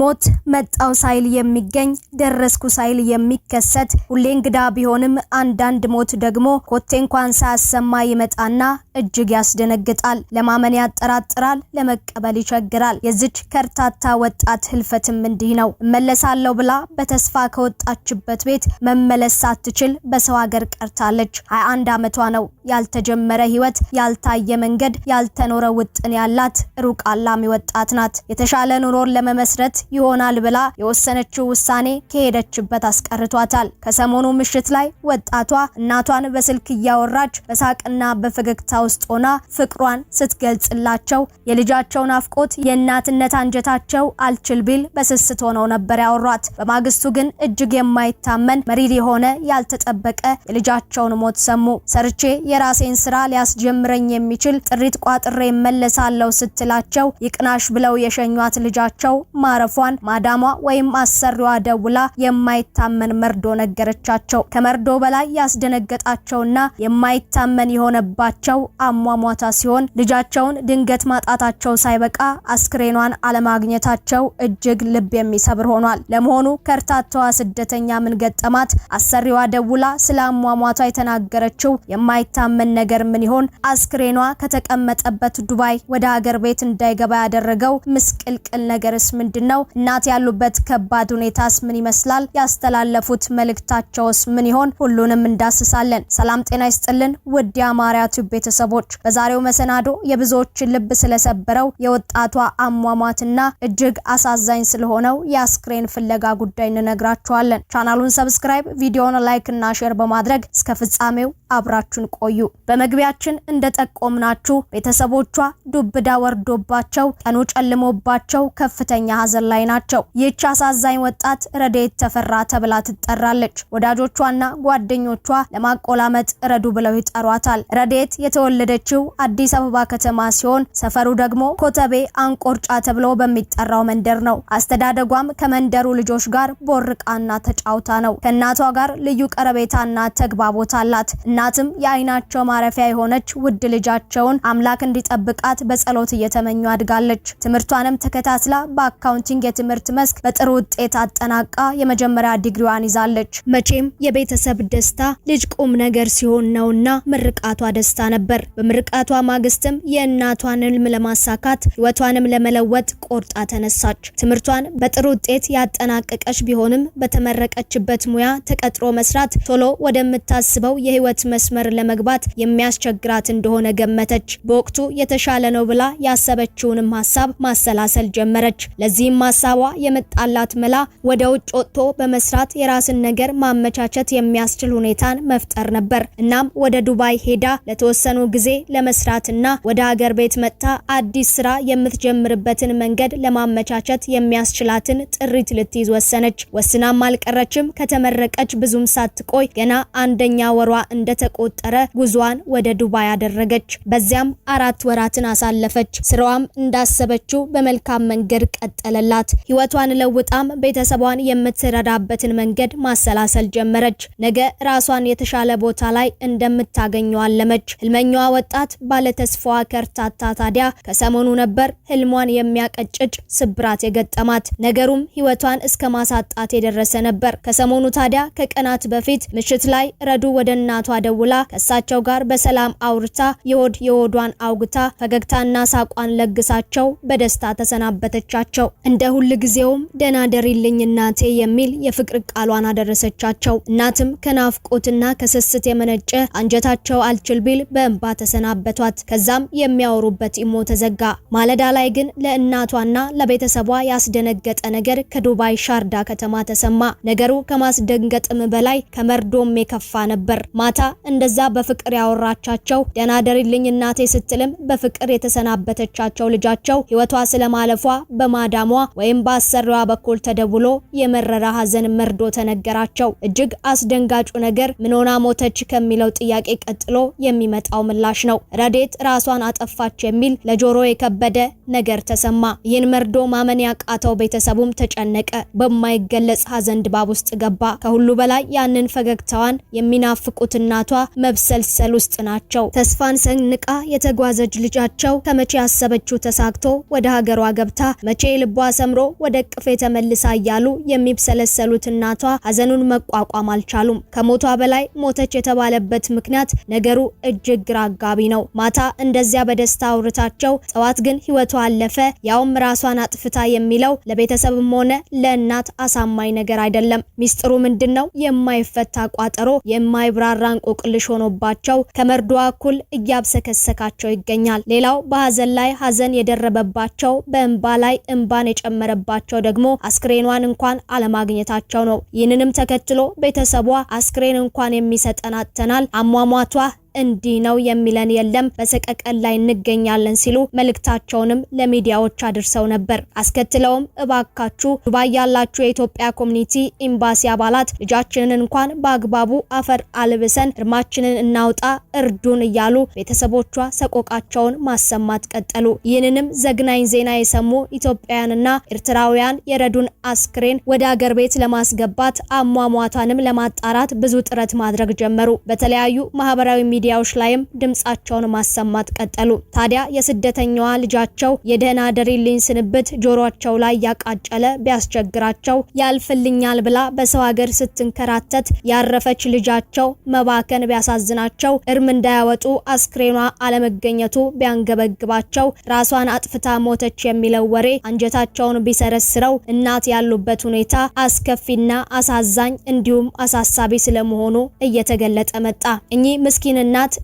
ሞት መጣው ሳይል የሚገኝ ደረስኩ ሳይል የሚከሰት ሁሌ እንግዳ ቢሆንም አንዳንድ ሞት ደግሞ ኮቴ እንኳን ሳያሰማ ይመጣና እጅግ ያስደነግጣል። ለማመን ያጠራጥራል፣ ለመቀበል ይቸግራል። የዚች ከርታታ ወጣት ህልፈትም እንዲህ ነው። እመለሳለሁ ብላ በተስፋ ከወጣችበት ቤት መመለስ ሳትችል በሰው ሀገር ቀርታለች። 21 ዓመቷ ነው። ያልተጀመረ ህይወት፣ ያልታየ መንገድ፣ ያልተኖረ ውጥን ያላት ሩቅ አላሚ ወጣት ናት። የተሻለ ኑሮን ለመመስረት ይሆናል ብላ የወሰነችው ውሳኔ ከሄደችበት አስቀርቷታል። ከሰሞኑ ምሽት ላይ ወጣቷ እናቷን በስልክ እያወራች በሳቅና በፈገግታ ውስጥ ሆና ፍቅሯን ስትገልጽላቸው የልጃቸውን አፍቆት የእናትነት አንጀታቸው አልችል ቢል በስስት ሆነው ነበር ያወሯት። በማግስቱ ግን እጅግ የማይታመን መሪር የሆነ ያልተጠበቀ የልጃቸውን ሞት ሰሙ። ሰርቼ የራሴን ስራ ሊያስጀምረኝ የሚችል ጥሪት ቋጥሬ መለሳለው ስትላቸው ይቅናሽ ብለው የሸኟት ልጃቸው ማረፉ መተላለፏን ማዳሟ ወይም አሰሪዋ ደውላ የማይታመን መርዶ ነገረቻቸው። ከመርዶ በላይ ያስደነገጣቸውና የማይታመን የሆነባቸው አሟሟታ ሲሆን ልጃቸውን ድንገት ማጣታቸው ሳይበቃ አስክሬኗን አለማግኘታቸው እጅግ ልብ የሚሰብር ሆኗል። ለመሆኑ ከርታታዋ ስደተኛ ምን ገጠማት? አሰሪዋ ደውላ ስለ አሟሟቷ የተናገረችው የማይታመን ነገር ምን ይሆን? አስክሬኗ ከተቀመጠበት ዱባይ ወደ ሀገር ቤት እንዳይገባ ያደረገው ምስቅልቅል ነገርስ ምንድን ነው? ነው? እናት ያሉበት ከባድ ሁኔታስ ምን ይመስላል? ያስተላለፉት መልእክታቸውስ ምን ይሆን? ሁሉንም እንዳስሳለን። ሰላም ጤና ይስጥልን ውድ የአማርያ ቲዩብ ቤተሰቦች፣ በዛሬው መሰናዶ የብዙዎችን ልብ ስለሰበረው የወጣቷ አሟሟትና እጅግ አሳዛኝ ስለሆነው የአስክሬን ፍለጋ ጉዳይ እንነግራችኋለን። ቻናሉን ሰብስክራይብ፣ ቪዲዮውን ላይክ እና ሼር በማድረግ እስከ ፍጻሜው አብራችን ቆዩ። በመግቢያችን እንደጠቆምናችሁ ቤተሰቦቿ ዱብዳ ወርዶባቸው ቀኑ ጨልሞባቸው ከፍተኛ ሀዘን ላይ ናቸው። ይህች አሳዛኝ ወጣት ረዴት ተፈራ ተብላ ትጠራለች። ወዳጆቿና ጓደኞቿ ለማቆላመጥ ረዱ ብለው ይጠሯታል። ረዴት የተወለደችው አዲስ አበባ ከተማ ሲሆን ሰፈሩ ደግሞ ኮተቤ አንቆርጫ ተብሎ በሚጠራው መንደር ነው። አስተዳደጓም ከመንደሩ ልጆች ጋር ቦርቃና ተጫውታ ነው። ከእናቷ ጋር ልዩ ቀረቤታና ተግባቦት አላት። እናትም የዓይናቸው ማረፊያ የሆነች ውድ ልጃቸውን አምላክ እንዲጠብቃት በጸሎት እየተመኙ አድጋለች። ትምህርቷንም ተከታትላ በአካውንቲ በኑርሲንግ የትምህርት መስክ በጥሩ ውጤት አጠናቃ የመጀመሪያ ዲግሪዋን ይዛለች። መቼም የቤተሰብ ደስታ ልጅ ቁም ነገር ሲሆን ነውና ምርቃቷ ደስታ ነበር። በምርቃቷ ማግስትም የእናቷን ህልም ለማሳካት ህይወቷንም ለመለወጥ ቆርጣ ተነሳች። ትምህርቷን በጥሩ ውጤት ያጠናቀቀች ቢሆንም በተመረቀችበት ሙያ ተቀጥሮ መስራት ቶሎ ወደምታስበው የህይወት መስመር ለመግባት የሚያስቸግራት እንደሆነ ገመተች። በወቅቱ የተሻለ ነው ብላ ያሰበችውንም ሀሳብ ማሰላሰል ጀመረች። ለዚህም ሀሳቧ የመጣላት መላ ወደ ውጭ ወጥቶ በመስራት የራስን ነገር ማመቻቸት የሚያስችል ሁኔታን መፍጠር ነበር። እናም ወደ ዱባይ ሄዳ ለተወሰኑ ጊዜ ለመስራትና ወደ ሀገር ቤት መጥታ አዲስ ስራ የምትጀምርበትን መንገድ ለማመቻቸት የሚያስችላትን ጥሪት ልትይዝ ወሰነች። ወስናም አልቀረችም። ከተመረቀች ብዙም ሳትቆይ ገና አንደኛ ወሯ እንደተቆጠረ ጉዟን ወደ ዱባይ አደረገች። በዚያም አራት ወራትን አሳለፈች። ስራዋም እንዳሰበችው በመልካም መንገድ ቀጠለላት። አላት። ህይወቷን ለውጣም ቤተሰቧን የምትረዳበትን መንገድ ማሰላሰል ጀመረች። ነገ ራሷን የተሻለ ቦታ ላይ እንደምታገኘው አለመች። ህልመኛዋ ወጣት ባለተስፋዋ ከርታታ ታዲያ ከሰሞኑ ነበር ህልሟን የሚያቀጭጭ ስብራት የገጠማት። ነገሩም ህይወቷን እስከ ማሳጣት የደረሰ ነበር። ከሰሞኑ ታዲያ ከቀናት በፊት ምሽት ላይ ረዱ ወደ እናቷ ደውላ ከእሳቸው ጋር በሰላም አውርታ የወድ የወዷን አውግታ ፈገግታና ሳቋን ለግሳቸው በደስታ ተሰናበተቻቸው። እንደ እንደ ሁል ጊዜውም ደህና ደሪልኝ እናቴ የሚል የፍቅር ቃሏን አደረሰቻቸው። እናትም ከናፍቆትና ከስስት የመነጨ አንጀታቸው አልችል ቢል በእንባ ተሰናበቷት። ከዛም የሚያወሩበት ኢሞ ተዘጋ። ማለዳ ላይ ግን ለእናቷና ለቤተሰቧ ያስደነገጠ ነገር ከዱባይ ሻርዳ ከተማ ተሰማ። ነገሩ ከማስደንገጥም በላይ ከመርዶም የከፋ ነበር። ማታ እንደዛ በፍቅር ያወራቻቸው ደህና ደሪልኝ እናቴ ስትልም በፍቅር የተሰናበተቻቸው ልጃቸው ህይወቷ ስለማለፏ በማዳሟ ወይም በአሰሪዋ በኩል ተደውሎ የመረራ ሀዘን መርዶ ተነገራቸው። እጅግ አስደንጋጩ ነገር ምንሆና ሞተች ከሚለው ጥያቄ ቀጥሎ የሚመጣው ምላሽ ነው። ረዴት ራሷን አጠፋች የሚል ለጆሮ የከበደ ነገር ተሰማ። ይህን መርዶ ማመን ያቃተው ቤተሰቡም ተጨነቀ። በማይገለጽ ሀዘን ድባብ ውስጥ ገባ። ከሁሉ በላይ ያንን ፈገግታዋን የሚናፍቁት እናቷ መብሰልሰል ውስጥ ናቸው። ተስፋን ሰንቃ የተጓዘች ልጃቸው ከመቼ ያሰበችው ተሳክቶ ወደ ሀገሯ ገብታ መቼ ልቧ አስተምሮ ወደ ቅፌ ተመልሳ እያሉ የሚብሰለሰሉት እናቷ ሀዘኑን መቋቋም አልቻሉም። ከሞቷ በላይ ሞተች የተባለበት ምክንያት ነገሩ እጅግ ግራ አጋቢ ነው። ማታ እንደዚያ በደስታ አውርታቸው፣ ጠዋት ግን ህይወቷ አለፈ ያውም ራሷን አጥፍታ የሚለው ለቤተሰብም ሆነ ለእናት አሳማኝ ነገር አይደለም። ሚስጥሩ ምንድነው? የማይፈታ ቋጠሮ፣ የማይብራራ እንቆቅልሽ ሆኖባቸው ከመርዷ እኩል እያብሰከሰካቸው ይገኛል። ሌላው በሀዘን ላይ ሀዘን የደረበባቸው በእንባ ላይ እንባን የጨመረባቸው ደግሞ አስክሬኗን እንኳን አለማግኘታቸው ነው። ይህንንም ተከትሎ ቤተሰቧ አስክሬን እንኳን የሚሰጠን አጥተናል፣ አሟሟቷ እንዲህ ነው የሚለን የለም፣ በሰቀቀን ላይ እንገኛለን ሲሉ መልእክታቸውንም ለሚዲያዎች አድርሰው ነበር። አስከትለውም እባካችሁ ዱባይ ያላችሁ የኢትዮጵያ ኮሚኒቲ ኤምባሲ አባላት ልጃችንን እንኳን በአግባቡ አፈር አልብሰን እርማችንን እናውጣ እርዱን እያሉ ቤተሰቦቿ ሰቆቃቸውን ማሰማት ቀጠሉ። ይህንንም ዘግናኝ ዜና የሰሙ ኢትዮጵያውያንና ኤርትራውያን የረዱን አስክሬን ወደ አገር ቤት ለማስገባት አሟሟቷንም ለማጣራት ብዙ ጥረት ማድረግ ጀመሩ። በተለያዩ ማህበራዊ ሚዲ ሚዲያዎች ላይም ድምጻቸውን ማሰማት ቀጠሉ። ታዲያ የስደተኛዋ ልጃቸው የደህና ደሪልኝ ስንብት ጆሮቸው ላይ ያቃጨለ ቢያስቸግራቸው ያልፍልኛል ብላ በሰው ሀገር ስትንከራተት ያረፈች ልጃቸው መባከን ቢያሳዝናቸው እርም እንዳያወጡ አስክሬኗ አለመገኘቱ ቢያንገበግባቸው ራሷን አጥፍታ ሞተች የሚለው ወሬ አንጀታቸውን ቢሰረስረው እናት ያሉበት ሁኔታ አስከፊና አሳዛኝ እንዲሁም አሳሳቢ ስለመሆኑ እየተገለጠ መጣ። እኚህ ምስኪንና እናት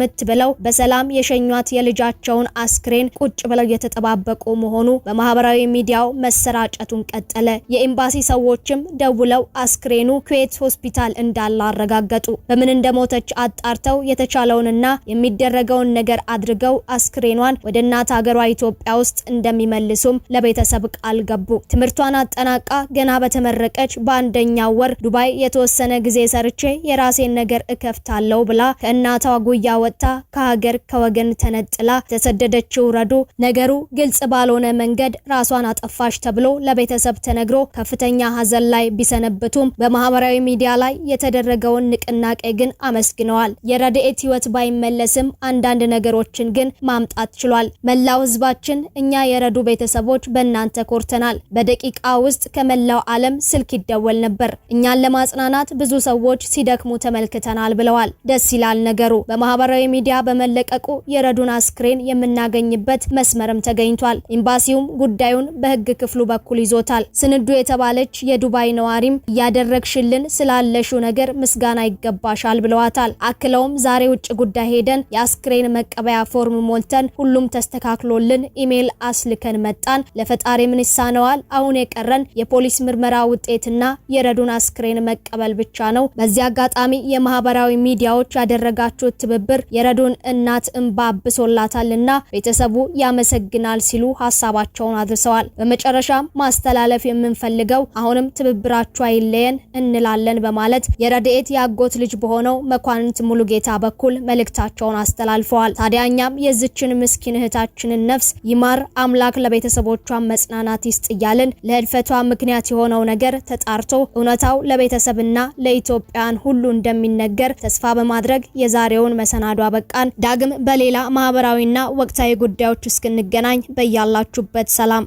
ምት ብለው በሰላም የሸኟት የልጃቸውን አስክሬን ቁጭ ብለው የተጠባበቁ መሆኑ በማህበራዊ ሚዲያው መሰራጨቱን ቀጠለ። የኤምባሲ ሰዎችም ደውለው አስክሬኑ ኩዌት ሆስፒታል እንዳለ አረጋገጡ። በምን እንደሞተች አጣርተው የተቻለውንና የሚደረገውን ነገር አድርገው አስክሬኗን ወደ እናት ሀገሯ ኢትዮጵያ ውስጥ እንደሚመልሱም ለቤተሰብ ቃል ገቡ። ትምህርቷን አጠናቃ ገና በተመረቀች በአንደኛው ወር ዱባይ የተወሰነ ጊዜ ሰርቼ የራሴን ነገር እከፍታለሁ ብላ ከእ ከእናቷ ጉያ ወጥታ ከሀገር ከወገን ተነጥላ ተሰደደችው ረዱ ነገሩ ግልጽ ባልሆነ መንገድ ራሷን አጠፋሽ ተብሎ ለቤተሰብ ተነግሮ ከፍተኛ ሀዘን ላይ ቢሰነብቱም በማህበራዊ ሚዲያ ላይ የተደረገውን ንቅናቄ ግን አመስግነዋል። የረድኤት ህይወት ባይመለስም አንዳንድ ነገሮችን ግን ማምጣት ችሏል። መላው ህዝባችን እኛ የረዱ ቤተሰቦች በእናንተ ኮርተናል። በደቂቃ ውስጥ ከመላው ዓለም ስልክ ይደወል ነበር። እኛን ለማጽናናት ብዙ ሰዎች ሲደክሙ ተመልክተናል ብለዋል። ደስ ይላል ነገሩ በማህበራዊ ሚዲያ በመለቀቁ የረዱን አስክሬን የምናገኝበት መስመርም ተገኝቷል። ኤምባሲውም ጉዳዩን በህግ ክፍሉ በኩል ይዞታል። ስንዱ የተባለች የዱባይ ነዋሪም እያደረግሽልን ስላለሹ ነገር ምስጋና ይገባሻል ብለዋታል። አክለውም ዛሬ ውጭ ጉዳይ ሄደን የአስክሬን መቀበያ ፎርም ሞልተን ሁሉም ተስተካክሎልን ኢሜይል አስልከን መጣን። ለፈጣሪ ምን ይሳነዋል? አሁን የቀረን የፖሊስ ምርመራ ውጤትና የረዱን አስክሬን መቀበል ብቻ ነው። በዚህ አጋጣሚ የማህበራዊ ሚዲያዎች ያደረ ላደረጋችሁት ትብብር የረዶን እናት እንባ ብሶላታልና ቤተሰቡ ያመሰግናል ሲሉ ሀሳባቸውን አድርሰዋል። በመጨረሻ ማስተላለፍ የምንፈልገው አሁንም ትብብራችሁ አይለየን እንላለን በማለት የረድኤት የአጎት ልጅ በሆነው መኳንንት ሙሉ ጌታ በኩል መልእክታቸውን አስተላልፈዋል። ታዲያኛም የዚችን ምስኪን እህታችንን ነፍስ ይማር አምላክ ለቤተሰቦቿ መጽናናት ይስጥ እያልን ለህልፈቷ ምክንያት የሆነው ነገር ተጣርቶ እውነታው ለቤተሰብና ለኢትዮጵያን ሁሉ እንደሚነገር ተስፋ በማድረግ የዛሬውን መሰናዶ አበቃን። ዳግም በሌላ ማህበራዊና ወቅታዊ ጉዳዮች እስክንገናኝ በያላችሁበት ሰላም